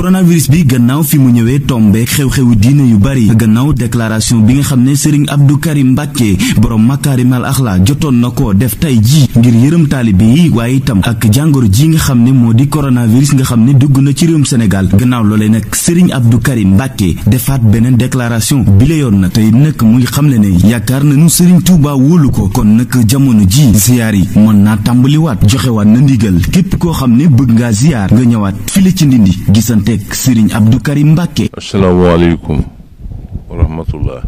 coronavirus bi gannaaw fi mu ñëwee tombeek xew-xewu diine yu bari gannaaw déclaration bi nga xam ne sëriñ Abdou Karim Mbàkke borom makaarimal axla jotoon na ko def tey jii ngir yërëm taalibe yi waaye itam ak jàngoro ji nga xam ne moo di coronavirus nga xam ne dugg na ci réewum Sénégal gannaaw loolee nag sëriñ Abdou Karim Mbàkke defaat beneen déclaration bi la yoon nag tey nag mu xam ne ne yaakaar nañu sëriñ Tuubaa wóolu ko kon nag jamono ji ziyaar yi mën naa tàmbaliwaat joxewaat na ndigal képp koo xam ne bëgg ngaa digganteeg Serigne Abdou Karim Mbacke. asalaamaaleykum wa rahmatullah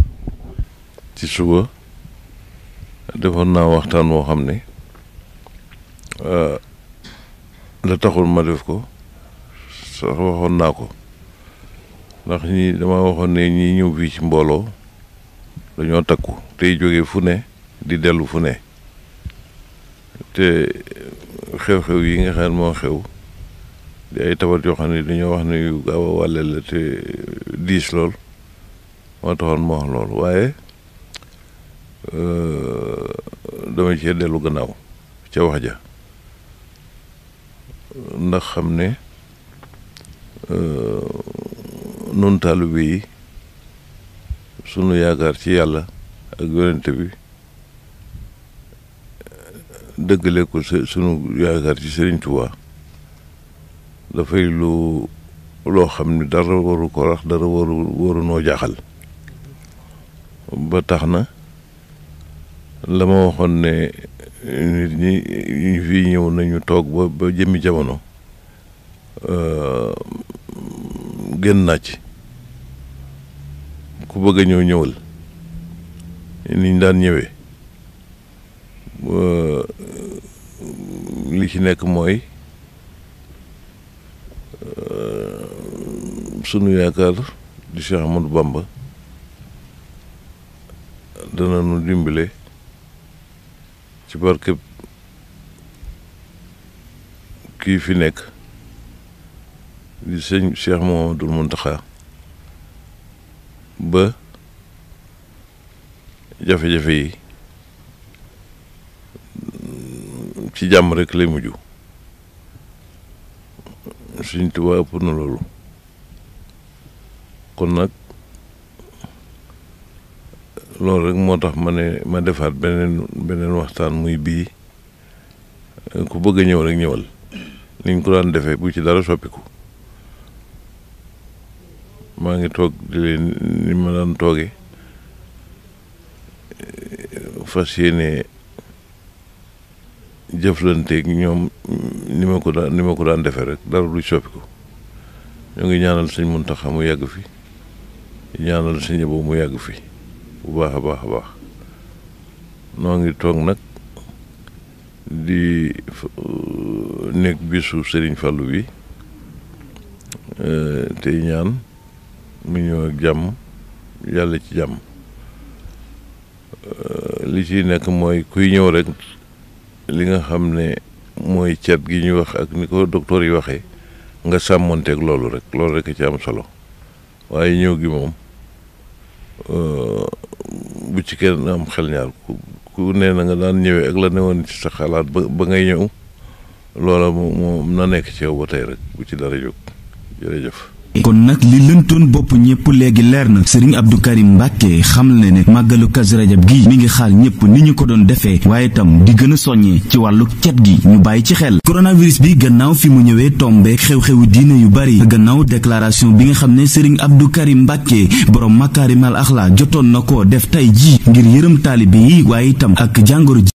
ci suba defoon naa waxtaan woo xam ne euh, la taxul ma def ko sax waxoon naa ko ndax ñi dama waxoon ne ñi ñëw fii ci mbooloo dañoo takku tey jóge fu ne di dellu fu ne te xew-xew yi nga xam ne moo xew di ay tawat yoo xam ne dañoo wax ne yu gaaw a wàlle la te diis lool moo taxoon ma wax loolu waaye euh, dama cee dellu gannaaw ca wax ja ndax xam ne euh, nun taalibe yi sunu yaakaar ci yàlla ak yonent bi dëggale ko sunu yaakaar ci Sëriñ Tuubaa dafay lu loo xam ni dara waru ko rax dara waru waru noo jaaxal ba tax na la ma waxoon ne nit ñi ñu ñëw nañu toog ba jëmmi jamono euh, génn naa ci ku bëgg a ñëw ñëwal niñ daan ñëwee li ci nekk mooy sunu yaakaar di Cheikh Amadou Bamba dana nu dimbale ci barkeb kii fi nekk di sëñ Cheikh Mouhamadoul Mountakha ba jafe-jafe yi ci jàmm rek lay mujj Sëñ Tuubaa ëpp na loolu kon nag loolu rek moo tax ma ne ma defaat beneen waxtaan muy bii ku bëgg a ñëw rek ñëwal niñ ko daan defee bu ci dara soppiku maa ngi toog di leen ni ma daan tooge fas yéene jëflanteeg ñoom ni ma ko daan ni ma ko daan defee rek dara du soppiku ñoo ngi ñaanal sëñ Muntaxa mu yàgg fi ñaanal si boobu mu yàgg fi bu baax a baax a baax noo ngi toog nag di uh, néeg bisu sëriñ Fallou bi uh, tey ñaan mu ñëw ak jàmm yàlla ci jàmm uh, li ciy nekk mooy kuy ñëw rek li nga xam ne mooy cet gi ñuy wax ak ni ko docteur yi waxee nga sàmmonteeg loolu rek loolu rek a ci am solo waaye ñëw gi moom bu ci kenn am xel ñaar ku ku na nga daan ñëwee ak la newoon ci sa xalaat ba ba ngay ñëw loola moom na nekk ci yow ba rek bu ci dara jóg jërëjëf. kon nag li lëntoon bopp ñëpp léegi leer na sëriñ Abdou Karim Mbàkke xam na ne màggalu Kazu Rajab gi mu ngi xaar ñëpp ni ñu ko doon defee waaye itam di gën a soññee ci wàllu cet gi ñu bàyyi ci xel coronavirus bi gannaaw fi mu ñëwee tombeek xew-xewu diine yu bari gannaaw déclaration bi nga xam ne sëriñ Abdou Karim Mbàkke borom makaarimal axla jotoon na ko def tey jii ngir yërëm taalibe yi waaye itam ak jàngoro ji